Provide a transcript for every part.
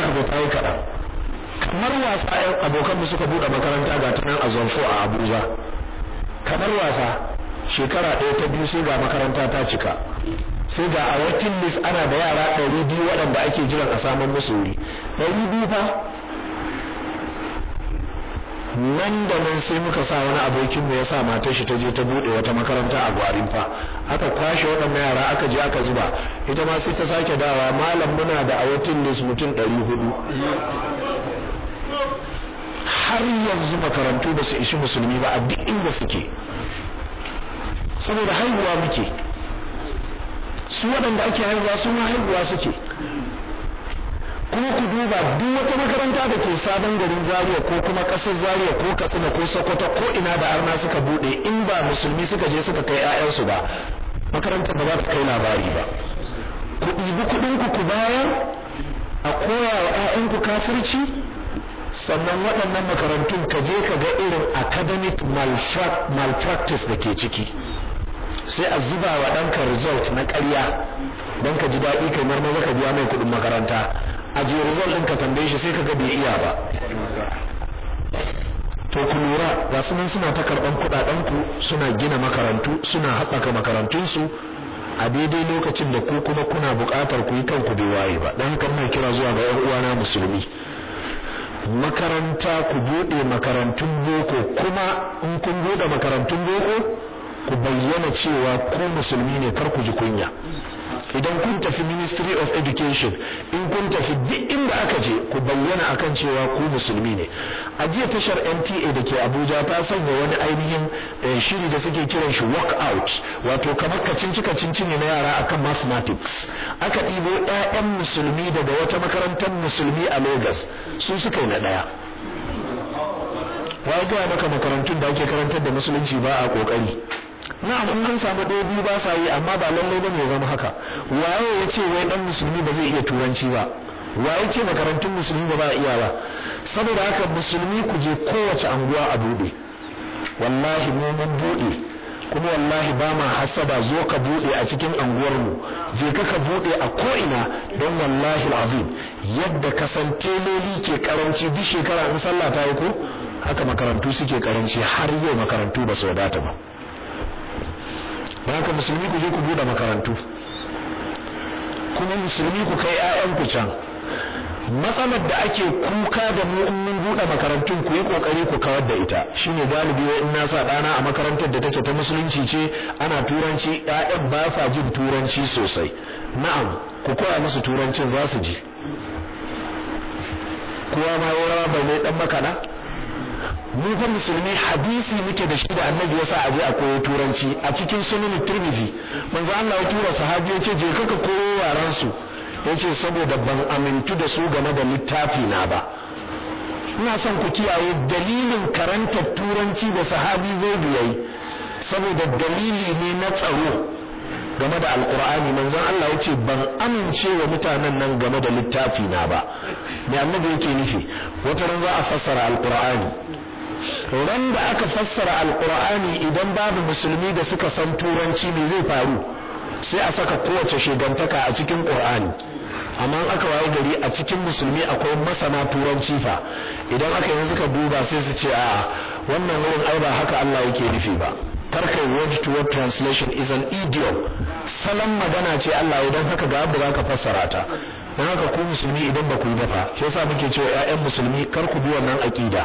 za ka ta yi kaɗan kamar wasa yan da suka buɗe makaranta ga ta nan a zonfo a abuja kamar wasa shekara ɗaya ta biyu sai ga makaranta ta cika sai ga a list ana da yara ɗari biyu waɗanda ake jiran a samun musu wuri ɗari biyu fa nan da nan sai muka sa wani abokin mu ya sa matar shi ta je ta bude wata makaranta a gwarin fa aka kwashe waɗannan yara aka je aka zuba ita ma sai ta sake dawa malam muna da awatin list mutum ɗari hudu har yanzu makarantu ba su ishi musulmi ba a duk inda suke saboda haihuwa muke su waɗanda ake haihuwa su ma haihuwa suke kuma ku duba duk wata makaranta da ke sabon garin Zariya ko kuma ƙasar Zaria ko Katsina ko Sokoto ko ina da arna suka bude in ba musulmi suka je suka kai 'ya'yansu ba makarantar ba za ta kai labari ba ku ibi kuɗinku ku bayar a koya wa 'ya'yanku kafirci sannan waɗannan makarantun ka je ka ga irin academic malpractice da ke ciki sai a zuba wa ɗanka result na ƙarya don ka ji daɗi kai marmar ka biya mai kuɗin makaranta a je result ɗin ka tambaye shi sai ka ga bai iya ba to ku lura ga su nan suna ta karɓan kuɗaɗen ku suna gina makarantu suna haɓaka makarantunsu a daidai lokacin da ku kuma kuna buƙatar ku yi kanku bai waye ba dan haka muna kira zuwa ga ƴan uwana musulmi makaranta ku buɗe makarantun boko kuma in kun buɗe makarantun boko ku bayyana cewa ku musulmi ne kar ku ji kunya idan kun tafi ministry of education in kun tafi duk inda aka je ku bayyana akan cewa ku musulmi ne a jiya tashar NTA da ke Abuja ta sanya wani ainihin eh, shiri da suke kiran shi walk out wato kamar ka ka cinci ne na yara akan mathematics aka ɗibo 'ya'yan musulmi daga wata makarantar musulmi a Lagos su suka yi na ɗaya wa gaya maka makarantun da ake karantar da musulunci ba a ƙoƙari na'am in an samu ɗaya biyu ba sa yi amma ba lallai ba ne zama haka waye ya ce wai ɗan musulmi ba zai iya turanci ba waye ce makarantun musulmi ba ba iya ba saboda haka musulmi ku je kowace anguwa a buɗe wallahi mu mun buɗe kuma wallahi ba ma hasaba zo ka buɗe a cikin anguwarmu je ka ka buɗe a ko'ina don wallahi azim yadda ka san teloli ke karanci duk shekara in sallah ta yi ko haka makarantu suke karanci har yau makarantu ba su wadata ba haka musulmi ku je ku buɗe makarantu kuma musulmi ku kai ku can matsalar da ake kuka da mu in buɗe makarantun ku yi kokari ku kawar da ita shine galibi wai in na sa ɗana a makarantar da take ta musulunci ce ana turanci 'ya'yan ba sa jin turanci sosai na'am ku koya musu turancin za su ji kowa ma ya rawa bai mai dan makana mu musulmi hadisi muke da shi da annabi yasa aje a koyo turanci a cikin sunan tirmidhi manzo Allah ya tura sahabi ya ce je ka ka koyo yaran su yace saboda ban amintu da su game da littafi na ba ina son ku kiyaye dalilin karanta turanci da sahabi zai yayi saboda dalili ne na tsaro game da alkur'ani manzon Allah ya ce ban amince wa mutanen nan game da littafi na ba me annabi yake nufi wata ran za a fassara alkur'ani wanda aka fassara alkur'ani idan babu musulmi da suka san turanci me zai faru sai a saka kowace shegantaka a cikin qur'ani amma aka waye gari a cikin musulmi akwai masana turanci fa idan aka yi suka duba sai su ce a wannan wurin ai ba haka Allah yake nufi ba karka word to word translation is an idiom salon magana ce Allah idan haka ga abu ka fassara ta dan haka ku musulmi idan ba ku yi ba fa shi yasa muke cewa 'ya'yan musulmi kar ku bi wannan aƙida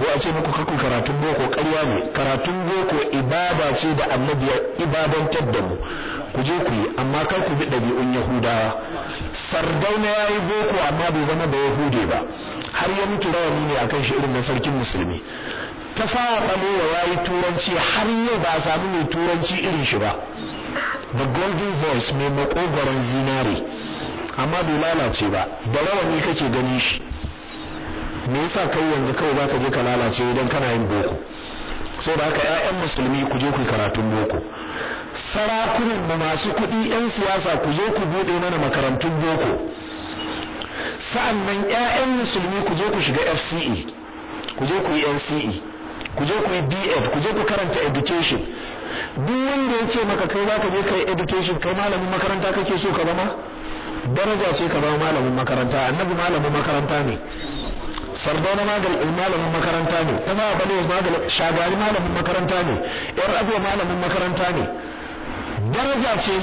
ko a ce muku kakun karatun boko karya ne karatun boko ibada ce da annabi ya ibadantar da mu ku je ku amma kar ku bi ɗabi'un yahudawa sardauna ya yi boko amma bai zama da yahude ba har ya mutu rawani ne akan shi irin na sarkin musulmi ta fara ɓalewa ya yi turanci har yau ba a samu mai turanci irin shi ba the golden voice mai makogaron zinare amma bai lalace ba da rawani kake ganin shi me yasa kai yanzu kawai zaka je ka lalace idan kana yin boko saboda haka ƴaƴan musulmi ku je ku karatun boko sarakunan mu masu kuɗi ƴan siyasa ku je ku bude mana makarantun boko sa'annan ƴaƴan musulmi ku je ku shiga FCE ku je ku yi NCE ku je ku yi BF ku je ku karanta education duk wanda ya ce maka kai zaka je kai education kai malamin makaranta kake so ka zama daraja ce ka zama malamin makaranta annabi malamin makaranta ne sardauna malamin makaranta ne ta ma bane maganin shagari malamin makaranta ne yar abuwa malamin makaranta ne daraja ce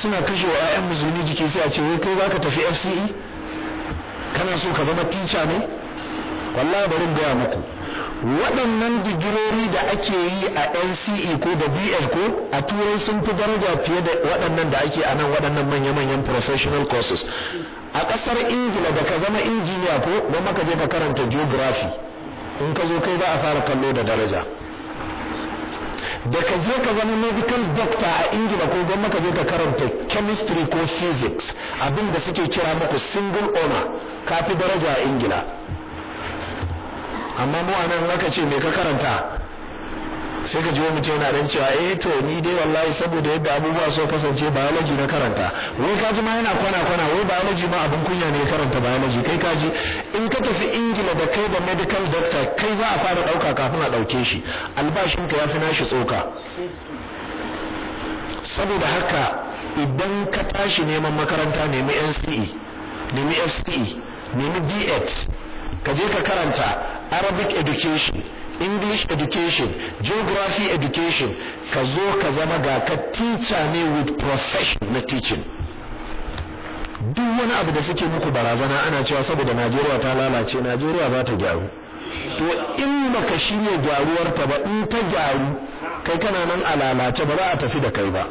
suna kashe wa 'ya'yan musulmi jiki sai a ce wai kai zaka tafi FCE kana so ka zama tica ne wallahi bari gaya muku waɗannan digirori da ake yi a NCE ko da BL ko a turai sun fi daraja fiye da waɗannan da ake a nan waɗannan manya-manyan professional courses a ƙasar ingila da ka zama injiniya ko don maka je ka karanta geography in ka zo kai za a fara kallo da daraja da ka je ka zama medical doctor a ingila ko don maka je ka karanta chemistry ko physics abinda suke kira muku single owner. ka fi daraja a ingila amma mu a nan ce me ka karanta sai ka ji wani mutum yana nan cewa eh to ni dai wallahi saboda yadda abubuwa so kasance biology na karanta wai ka ji ma yana kwana kwana wai biology ma abin kunya ne karanta biology kai ka ji in ka tafi ingila da kai da medical doctor kai za a fara dauka kafin a dauke shi albashin ka ya yafi nashi tsoka saboda haka idan ka tashi neman makaranta nemi NCE nemi FCE nemi DET ka je ka karanta arabic education english education geography education ka zo ka zama ga ka teacher ne with profession na teaching duk wani abu da suke muku barazana ana cewa saboda najeriya ta lalace najeriya za ta gyaru to in baka shirya gyaruwarta ba in ta gyaru kai kana nan a lalace ba za a tafi da kai ba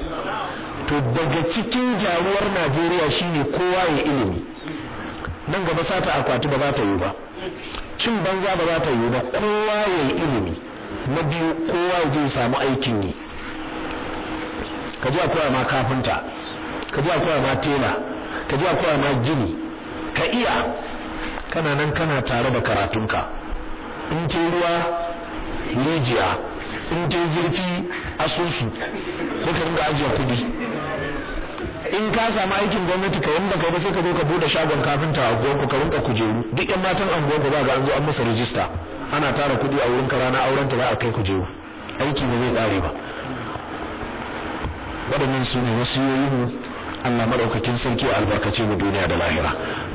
to daga cikin gyaruwar najeriya shine kowa ya ilimi nan gaba sata akwati ba za ta yi ba cin banza ba za ta yi ba kowa ya yi ilimi na biyu kowa zai samu aikin yi ka ji akwai ma kafinta ka ji akwai ma tela ka ji akwai ma gini ka iya kana nan kana tare da karatunka in ce ruwa rijiya in ce zurfi asusu ko ka ringa ajiye kuɗi. in ka samu aikin gwamnati ka wanda kai ba sai ka zo ka bude shagon kafinta a gogo ka rinka kujeru duk yan matan anguwa ba ga an zo an masa rijista ana tara kudi a wurin rana auren ta za a kai kujeru aiki ba zai tsare ba waɗannan su ne wasiyoyin Allah maɗaukakin sarki a albarkace mu duniya da lahira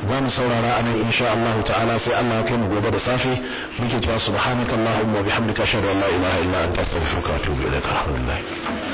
za mu saurara a nan insha Allah ta'ala sai Allah ya kai mu gobe da safe muke cewa subhanakallahumma wa bihamdika ashhadu an la ilaha illa anta astaghfiruka wa atubu ilaik alhamdulillah